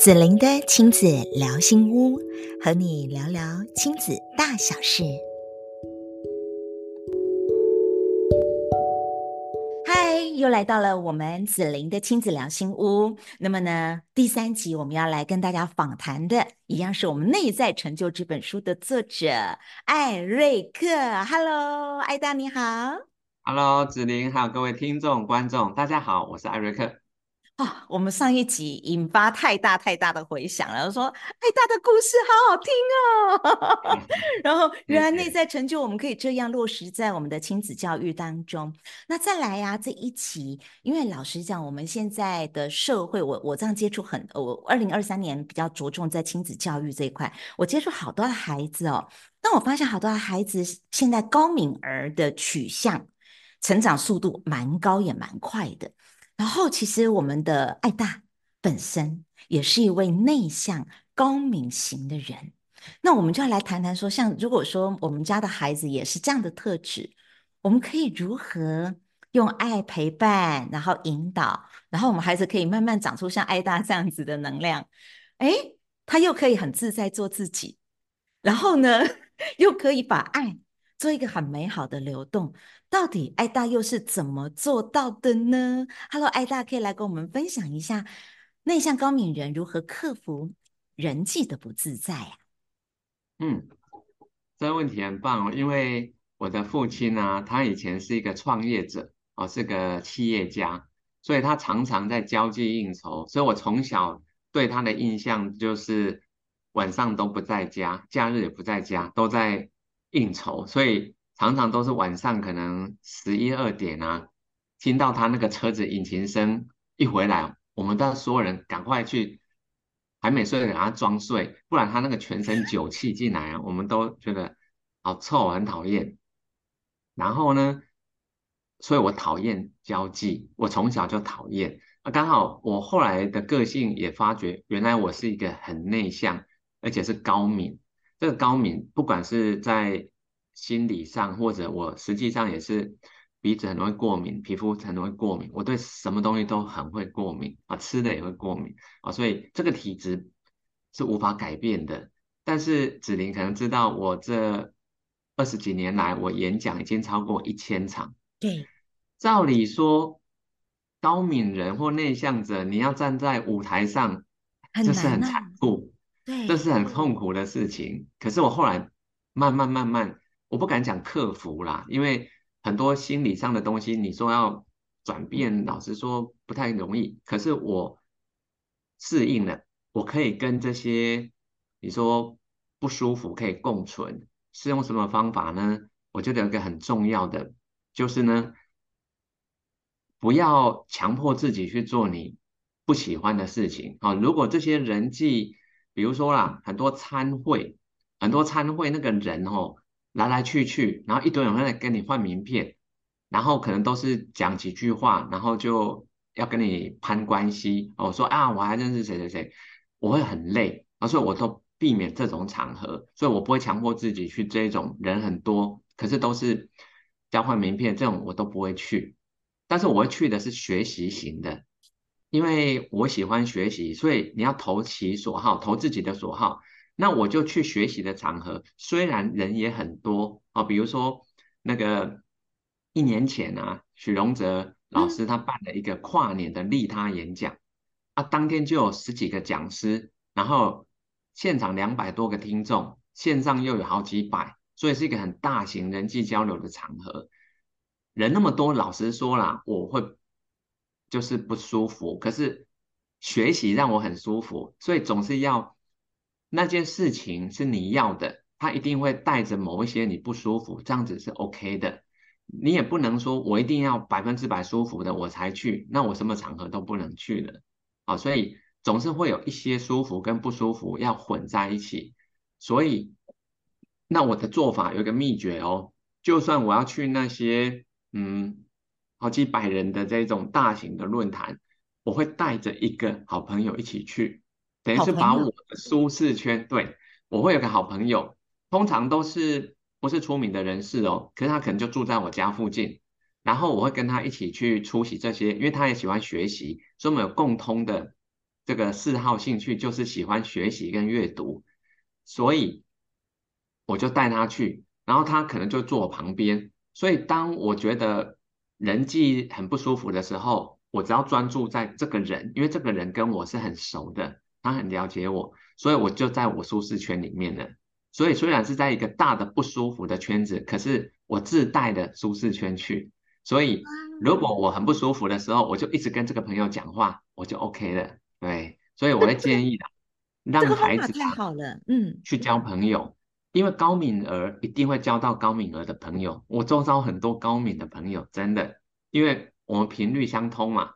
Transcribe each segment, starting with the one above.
紫玲的親子聊心屋，和你聊聊親子大小事。嗨，又來到了我們紫玲的親子聊心屋。那麼呢，第三集我們要來跟大家訪談的，一樣是我們《內在成就》這本書的作者愛瑞克。哈嘍，愛大你好。哈嘍，子玲還有各位聽眾觀眾，大家好，我是愛瑞克。哦、我們上一集引發太大太大的回響，然後說太、哎、大的故事好好聽哦。 然後原來內在成就，我們可以這樣落實在我們的親子教育當中。那再來呀、啊、這一期，因為老實講，我們現在的社會，我我這樣接觸很，我二零二三年比較着重在親子教育這一塊，我接觸好多的孩子哦。但我發現好多的孩子現在高敏兒的取向，成長速度蠻高也蠻快的。然後，其實我們的愛大本身也是一位內向高敏型的人。那我們就要來談談說，像如果說我們家的孩子也是這樣的特質，我們可以如何用愛陪伴，然後引導，然後我們孩子可以慢慢長出像愛大這樣子的能量。誒，他又可以很自在做自己，然後呢，又可以把愛。做一個很美好的流動，到底愛大又是怎麼做到的呢？Hello，愛大可以來跟我們分享一下內向高敏人如何克服人際的不自在呀？啊？嗯，這個問題很棒哦，因為我的父親啊，他以前是一個創業者哦，是個企業家，所以他常常在交際應酬，所以我從小對他的印象就是晚上都不在家，假日也不在家，都在。應酬，所以常常都是晚上，可能十一二點啊，聽到他那個車子引擎聲一回來，我們都要所有人趕快去，還沒睡的給他裝睡，不然他那個全身酒氣進來啊，我們都覺得好、哦、臭，很討厭。然後呢，所以我討厭交際，我從小就討厭。剛好我後來的個性也發覺，原來我是一個很內向，而且是高敏。這個高敏，不管是在心理上，或者我實際上也是鼻子很容易過敏，皮膚很容易過敏，我對什麼東西都很會過敏啊，吃的也會過敏啊，所以這個體質是無法改變的。但是子玲可能知道，我這二十幾年來，我演講已經超過一千場。對，照理說，高敏人或內向者，你要站在舞台上，就、啊、是很慘。這是很痛苦的事情，可是我後來慢慢慢慢，我不敢講克服啦，因為很多心理上的東西，你說要轉變，老實說不太容易。可是我適應了，我可以跟這些你說不舒服可以共存，是用什麼方法呢？我覺得有一個很重要的就是呢，不要強迫自己去做你不喜歡的事情啊、哦。如果這些人際，比如說啦，很多餐會，很多餐會那個人哦，來來去去，然後一堆人會來跟你換名片，然後可能都是講幾句話，然後就要跟你攀關係哦，說啊我還認識誰誰誰，我會很累，啊，所以我都避免這種場合，所以我不會強迫自己去這一種人很多，可是都是交換名片這種我都不會去，但是我會去的是學習型的。因為我喜歡學習，所以你要投其所好，投自己的所好。那我就去學習的場合，雖然人也很多啊，比如說那個一年前啊，許榮哲老師他辦了一個跨年的利他演講、嗯、啊，當天就有十幾個講師，然後現場兩百多個聽眾，線上又有好幾百，所以是一個很大型人際交流的場合。人那麼多，老實說啦，我會。就是不舒服，可是學習讓我很舒服，所以總是要那件事情是你要的，他一定會帶着某一些你不舒服，這樣子是 OK 的。你也不能說我一定要百分之百舒服的我才去，那我什麼場合都不能去了啊。哦，所以總是會有一些舒服跟不舒服要混在一起。所以那我的做法有一個秘訣哦，就算我要去那些嗯。好幾百人的這種大型的論壇，我會帶着一個好朋友一起去，等於是把我的舒適圈。對，我會有個好朋友，通常都是不是出名的人士哦，可是他可能就住在我家附近，然後我會跟他一起去出席這些，因為他也喜歡學習，所以我們有共通的這個嗜好興趣，就是喜歡學習跟閱讀，所以我就帶他去，然後他可能就坐我旁邊，所以當我覺得。人際很不舒服的時候，我只要專注在這個人，因為這個人跟我是很熟的，他很了解我，所以我就在我舒適圈裡面了。所以雖然是在一個大的不舒服的圈子，可是我自帶的舒適圈去。所以如果我很不舒服的時候，我就一直跟這個朋友講話，我就 OK 了。對，所以我會建議的，讓孩子嗯，去交朋友。因為高敏兒一定會交到高敏兒的朋友。我周遭很多高敏的朋友，真的，因為我們頻率相通嘛，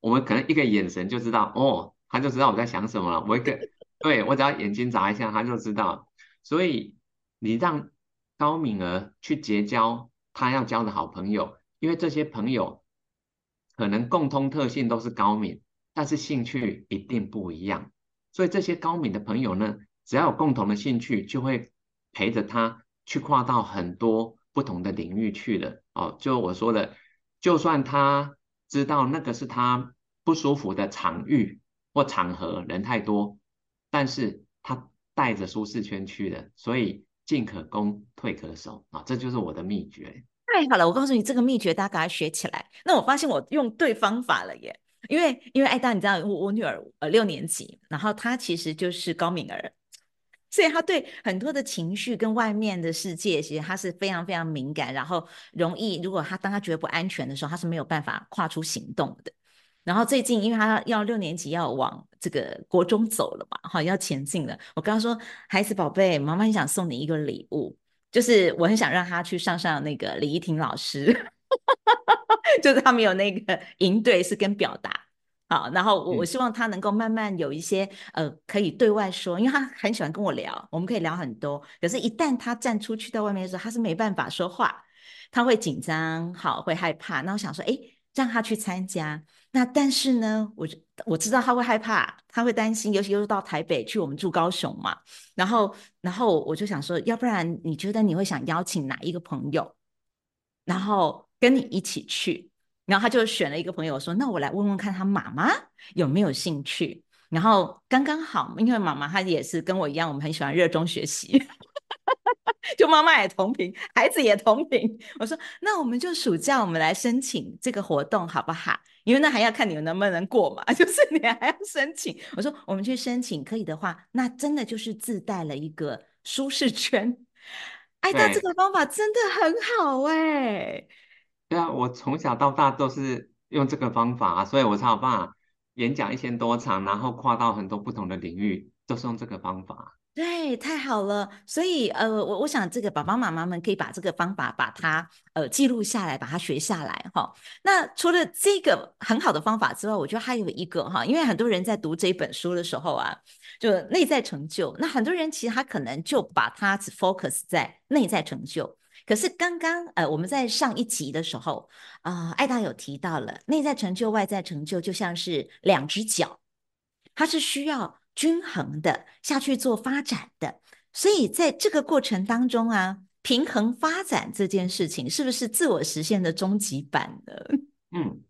我們可能一個眼神就知道，哦，他就知道我在想什麼了。我一個，對，我只要眼睛眨一下，他就知道。所以你讓高敏兒去結交他要交的好朋友，因為這些朋友可能共通特性都是高敏，但是興趣一定不一樣。所以這些高敏的朋友呢，只要有共同的興趣，就會。陪着他去跨到很多不同的領域去了哦，就我說了，就算他知道那個是他不舒服的場域或場合，人太多，但是他帶着舒適圈去了，所以進可攻，退可守啊、哦，這就是我的秘訣。太、哎，好了，我告訴你這個秘訣，大家趕快學起來。那我發現我用對方法了耶，因為因為艾達，你知道我我女兒呃六年級，然後她其實就是高敏兒。所以他對很多的情緒跟外面的世界，其實他是非常非常敏感，然後容易，如果他當他覺得不安全的時候，他是沒有辦法跨出行動的。然後最近，因為他要六年級要往這個國中走了嘛，哈，要前進了。我跟他說：“孩子寶貝，媽媽想送你一個禮物，就是我很想讓他去上上那個李依婷老師， 就是他們有那個營隊是跟表達。”好，然後我我希望他能夠慢慢有一些、嗯、呃，可以對外說，因為他很喜歡跟我聊，我們可以聊很多。可是，一旦他站出去到外面的時候，他是沒辦法說話，他會緊張，好，會害怕。那我想說，哎，讓他去參加。那但是呢，我我知道他會害怕，他會擔心，尤其又是到台北去，我們住高雄嘛。然後，然後我就想說，要不然你覺得你會想邀請哪一個朋友，然後跟你一起去？然後他就選了一個朋友說：“那我來問問看他媽媽有沒有興趣。”然後剛剛好，因為媽媽她也是跟我一樣，我們很喜歡熱衷學習， 就媽媽也同頻，孩子也同頻。我說：“那我們就暑假我們來申請這個活動好不好？因為那還要看你們能不能過嘛，就是你還要申請。”我說：“我們去申請，可以的話，那真的就是自帶了一個舒適圈。”哎，那這個方法真的很好哎、欸。對啊，我從小到大都是用這個方法，所以我才有辦法演講一千多場，然後跨到很多不同的領域，都是用這個方法。對，太好了。所以呃，我我想這個爸爸媽媽們可以把這個方法把它呃記錄下來，把它學下來哈。那除了這個很好的方法之外，我覺得還有一個哈，因為很多人在讀這一本書的時候啊，就內在成就。那很多人其實他可能就把它只 focus 在內在成就。可是剛剛呃，我們在上一集的時候啊、呃，艾達有提到了內在成就、外在成就，就像是兩隻腳，它是需要均衡的下去做發展的。所以在這個過程當中啊，平衡發展這件事情，是不是自我實現的終極版呢？嗯，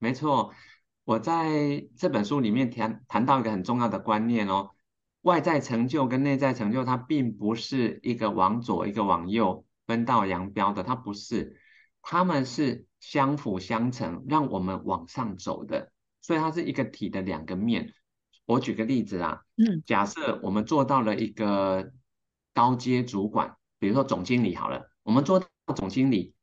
沒錯。我在這本書裡面談談到一個很重要的觀念哦，外在成就跟內在成就，它並不是一個往左，一個往右，分道揚鑣的，它不是，他們是相輔相成，讓我們往上走的，所以它是一個體的兩個面。我舉個例子啊，嗯，假設我們做到了一個高階主管，比如說總經理好了，我們做到總經理，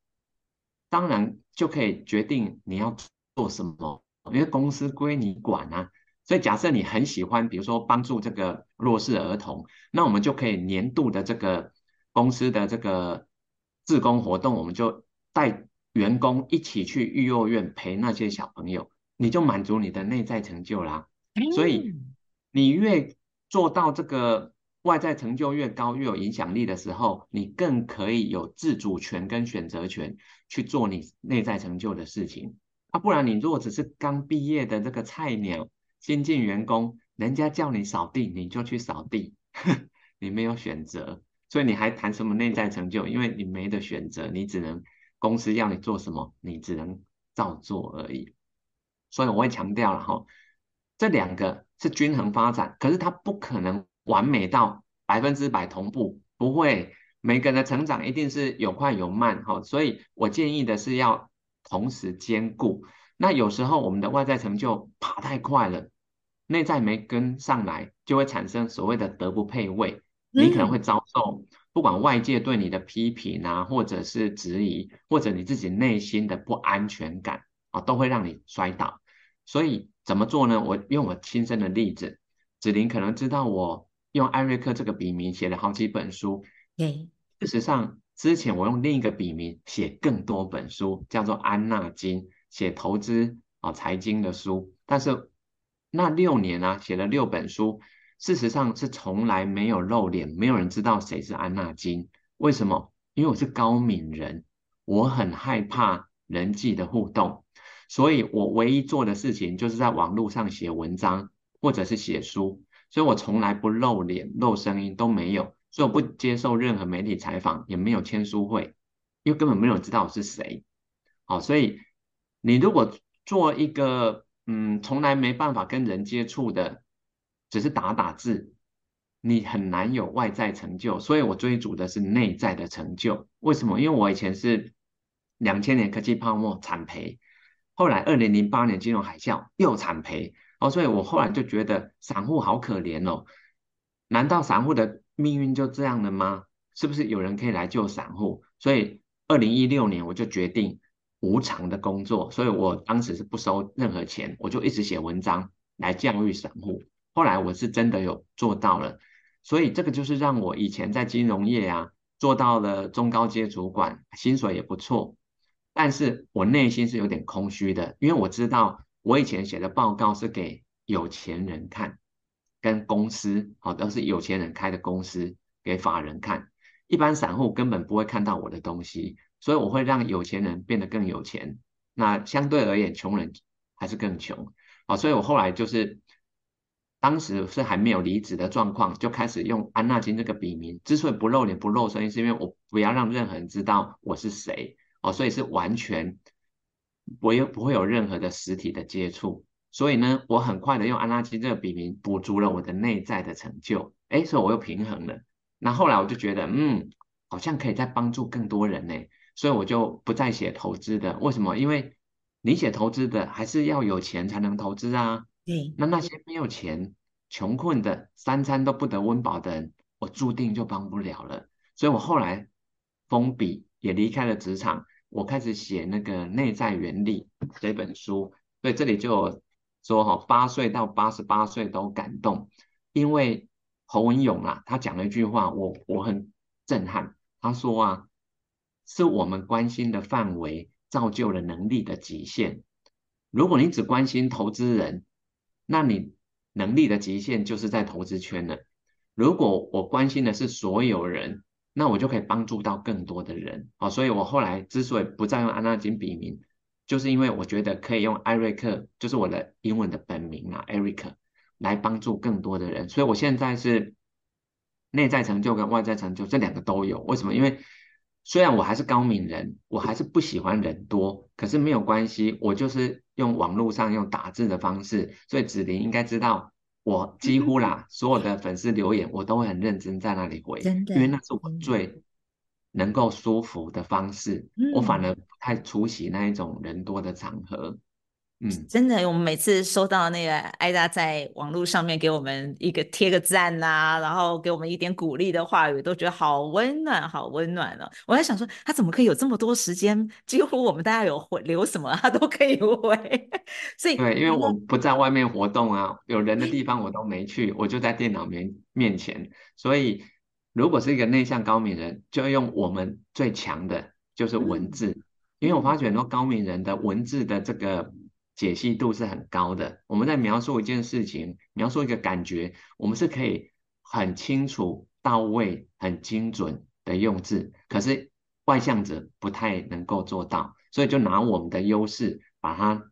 當然就可以決定你要做什麼，因為公司歸你管啊。所以假設你很喜歡，比如說幫助這個弱勢兒童，那我們就可以年度的這個公司的這個。志工活動，我們就帶員工一起去育幼院陪那些小朋友，你就滿足你的內在成就啦。所以你越做到這個外在成就越高、越有影響力的時候，你更可以有自主權跟選擇權去做你內在成就的事情。啊、不然你如果只是剛畢業的這個菜鳥、新進員工，人家叫你掃地你就去掃地，你沒有選擇。所以你還談什麼內在成就？因為你沒得選擇，你只能公司要你做什麼，你只能照做而已。所以我也強調了哈，這兩個是均衡發展，可是它不可能完美到百分之百同步，不會，每個人的成長一定是有快有慢哈。所以我建議的是要同時兼顧。那有時候我們的外在成就跑太快了，內在沒跟上來，就會產生所謂的德不配位。你可能會遭受不管外界對你的批評啊，或者是質疑，或者你自己內心的不安全感啊，都會讓你摔倒。所以怎麼做呢？我用我親身的例子，子玲可能知道我用艾瑞克這個筆名寫了好幾本書。Okay. 事實上之前我用另一個筆名寫更多本書，叫做安納金，寫投資啊財經的書。但是那六年呢、啊，寫了六本書。事實上是從來沒有露臉，沒有人知道誰是安娜金？為什麼？因為我是高敏人，我很害怕人際的互動，所以我唯一做的事情就是在網絡上寫文章或者是寫書，所以我從來不露臉、露聲音都沒有，所以我不接受任何媒體採訪，也沒有簽書會，因為根本沒有知道我是誰。好，所以你如果做一個嗯，從來沒辦法跟人接觸的。只是打打字，你很難有外在成就，所以我追逐的是內在的成就。為什麼？因為我以前是兩千年科技泡沫慘賠，後來二零零八年金融海嘯又慘賠，哦，所以我後來就覺得散戶好可憐哦。難道散戶的命運就這樣了嗎？是不是有人可以來救散戶？所以二零一六年我就決定無償的工作，所以我當時是不收任何錢，我就一直寫文章來教育散戶。後來我是真的有做到了，所以這個就是讓我以前在金融業啊做到了中高階主管，薪水也不錯，但是我內心是有點空虛的，因為我知道我以前寫的報告是給有錢人看，跟公司好、啊、都是有錢人開的公司給法人看，一般散戶根本不會看到我的東西，所以我會讓有錢人變得更有錢，那相對而言窮人還是更窮。好，所以我後來就是。當時是還沒有離職的狀況，就開始用安納金這個筆名。之所以不露臉、不露聲音，是因為我不要讓任何人知道我是誰哦，所以是完全我也不會有任何的實體的接觸。所以呢，我很快的用安納金這個筆名補足了我的內在的成就。哎，所以我又平衡了。那後來我就覺得，嗯，好像可以再幫助更多人呢，所以我就不再寫投資的。為什麼？因為你寫投資的還是要有錢才能投資啊。那那些沒有錢、窮困的、三餐都不得溫飽的人，我注定就幫不了了。所以我後來封筆，也離開了職場。我開始寫那個《內在原力》這本書，所以這裡就說哈，八歲到八十八歲都感動，因為侯文勇啊，他講了一句話，我我很震撼。他說啊，是我們關心的範圍造就了能力的極限。如果你只關心投資人，那你能力的極限就是在投資圈了。如果我關心的是所有人，那我就可以幫助到更多的人啊、哦。所以我後來之所以不再用安納金筆名，就是因為我覺得可以用愛瑞克，就是我的英文的本名啊，Eric，來幫助更多的人。所以我現在是內在成就跟外在成就這兩個都有。為什麼？因為雖然我還是高敏人，我還是不喜歡人多，可是沒有關係，我就是用網絡上用打字的方式，所以子玲應該知道，我幾乎啦、嗯、所有的粉絲留言，我都會很認真在那裡回，的因為那是我最能夠舒服的方式，嗯、我反而不太出席那一種人多的場合。真的，我們每次收到那個艾達在網絡上面給我們一個貼個讚吶、啊，然後給我們一點鼓勵的話語，都覺得好溫暖，好溫暖了、哦。我還想說，他怎麼可以有這麼多時間？幾乎我們大家有回留什麼，他都可以回。所以，對，因為我不在外面活動啊，有人的地方我都沒去，我就在電腦面面前。所以，如果是一個內向高敏人，就用我們最強的，就是文字。嗯、因為我發覺很多高敏人的文字的這個。解析度是很高的。我們在描述一件事情、描述一個感覺，我們是可以很清楚、到位、很精準的用字。可是外向者不太能夠做到，所以就拿我們的優勢，把它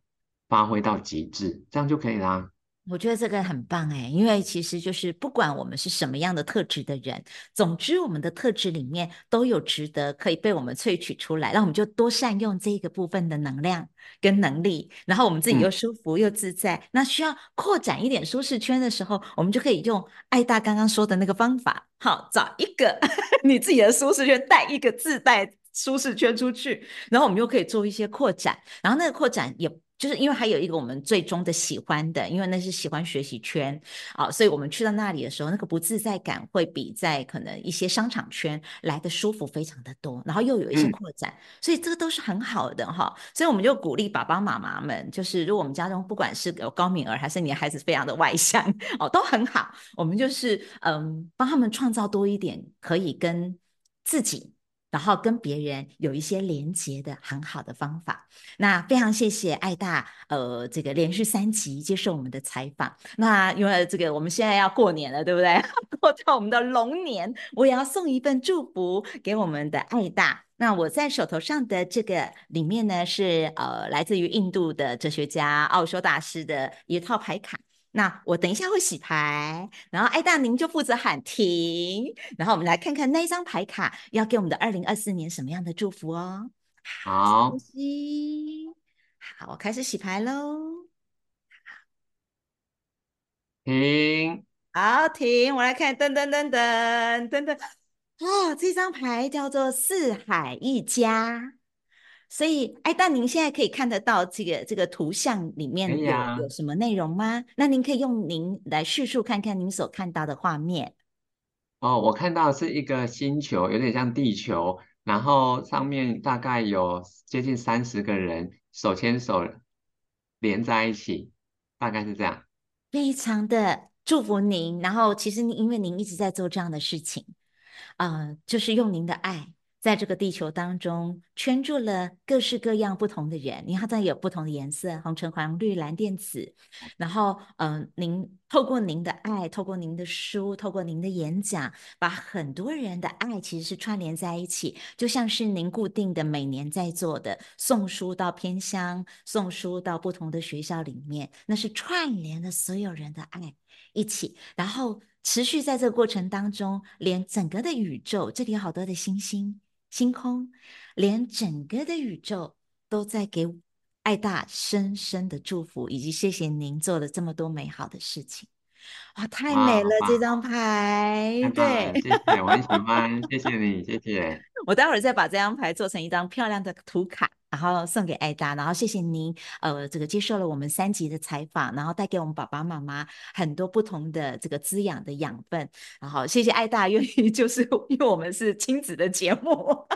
發揮到極致，這樣就可以啦。我覺得這個很棒哎，欸，因為其實就是不管我們是什麼樣的特質的人，總之我們的特質裡面都有值得可以被我們萃取出來，那我們就多善用這一個部分的能量跟能力，然後我們自己又舒服又自在。嗯，那需要擴展一點舒適圈的時候，我們就可以用愛大剛剛說的那個方法，好，找一個 你自己的舒適圈，帶一個自帶舒適圈出去，然後我們又可以做一些擴展，然後那個擴展也。就是因為還有一個我們最終的喜歡的，因為那是喜歡學習圈啊、哦，所以我們去到那裡的時候，那個不自在感會比在可能一些商場圈來得舒服非常的多，然後又有一些擴展，嗯、所以這個都是很好的哈、哦。所以我們就鼓勵爸爸媽媽們，就是如果我們家中不管是有高敏兒還是你的孩子非常的外向哦，都很好，我們就是嗯幫他們創造多一點可以跟自己。然後跟別人有一些連接的很好的方法，那非常謝謝愛大，呃，這個連續三集接受我們的採訪。那因為這個我們現在要過年了，對不對？過着我們的龍年，我也要送一份祝福給我們的愛大。那我在手頭上的這個裡面呢，是呃，來自於印度的哲學家奧修大師的一套牌卡。那我等一下會洗牌，然後艾大您就負責喊停，然後我們來看看那一張牌卡要給我們的二零二四年什麼樣的祝福哦。好，好，我開始洗牌嘍。停好，停，好停，我來看，噔噔噔噔噔噔，哦，這張牌叫做四海一家。所以，哎，但您現在可以看得到這個這個圖像裡面有有什麼內容嗎？啊、那您可以用您來敘述看看您所看到的畫面。哦，我看到是一個星球，有點像地球，然後上面大概有接近三十個人手牽手連在一起，大概是這樣。非常的祝福您，然後其實您因為您一直在做這樣的事情，啊、呃，就是用您的愛。在這個地球當中圈住了各式各樣不同的人，你好像有不同的顏色，紅、橙、黃、綠、藍、靛、紫。然後，嗯、呃，您透過您的愛，透過您的書，透過您的演講，把很多人的愛其實是串聯在一起，就像是您固定的每年在做的送書到偏鄉，送書到不同的學校裡面，那是串聯了所有人的愛一起，然後持續在這個過程當中，連整個的宇宙，這裡有好多的星星。星空，連整個的宇宙都在給愛大深深的祝福，以及謝謝您做了這麼多美好的事情，哇，太美了哇這張牌，對，謝謝，我很喜歡， 謝謝你，謝謝，我待會兒再把這張牌做成一張漂亮的圖卡。然後送給愛大，然後謝謝您，呃，這個接受了我們三集的採訪，然後帶給我們爸爸媽媽很多不同的這個滋養的養分，然後謝謝愛大，願意，就是因為我們是親子的節目。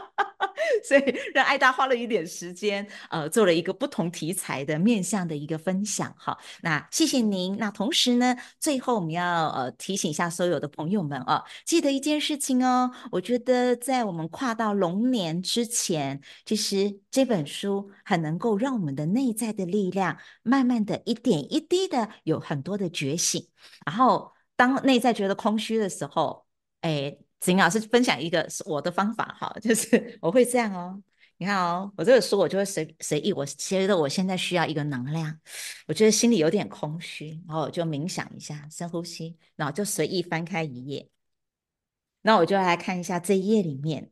所以讓艾達花了一點時間，呃，做了一個不同題材的面向的一個分享哈。那謝謝您。那同時呢，最後我們要呃提醒一下所有的朋友們啊，記得一件事情哦。我覺得在我們跨到龍年之前，其實這本書很能夠讓我們的內在的力量慢慢的一點一滴的有很多的覺醒。然後當內在覺得空虛的時候，哎。子玲老師分享一個我的方法哈，就是我會這樣哦。你看哦，我這個書我就會隨隨意，我覺得我現在需要一個能量，我覺得心裡有點空虛，然後我就冥想一下，深呼吸，然後就隨意翻開一頁，那我就來看一下這一頁裡面，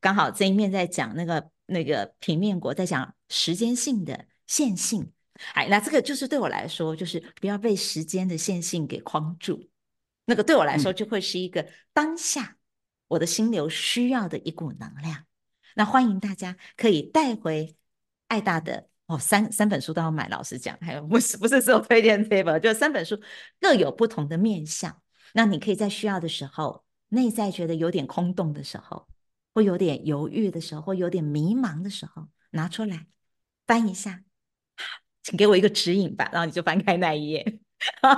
剛好這一面在講那個那個平面國在講時間性的線性，哎，那這個就是對我來說，就是不要被時間的線性給框住。那個對我來說就會是一個當下我的心流需要的一股能量。嗯、那歡迎大家可以帶回愛大的哦，三三本書都要買。老實講，還有不是不是說推薦這本，就三本書各有不同的面向。那你可以在需要的時候，內在覺得有點空洞的時候，或有點猶豫的時候，或有點迷茫的時候，拿出來翻一下，請給我一個指引吧。然後你就翻開那一頁，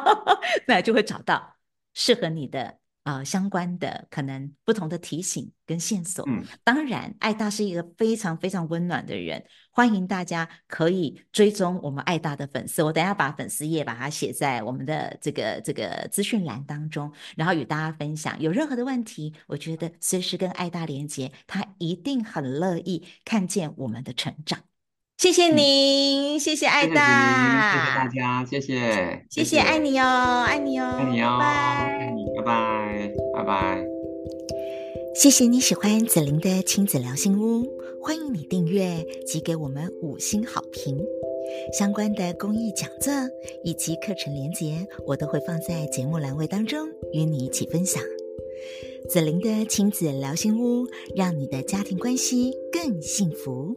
那就會找到。適合你的啊、呃，相關的可能不同的提醒跟線索。嗯，當然，愛大是一個非常非常溫暖的人，歡迎大家可以追蹤我們愛大的粉絲。我等一下把粉絲頁把它寫在我們的這個這個資訊欄當中，然後與大家分享。有任何的問題，我覺得隨時跟愛大連接，他一定很樂意看見我們的成長。謝謝你，嗯、謝謝愛大，謝謝大家，謝謝，謝謝愛你哦，愛你哦，拜拜愛你、哦、拜，拜，拜拜，拜拜，拜拜。謝謝你喜歡子玲的親子聊心屋，歡迎你訂閱及給我們五星好評。相關的公益講座以及課程連結我都會放在節目欄位當中與你一起分享。子玲的親子聊心屋，讓你的家庭關係更幸福。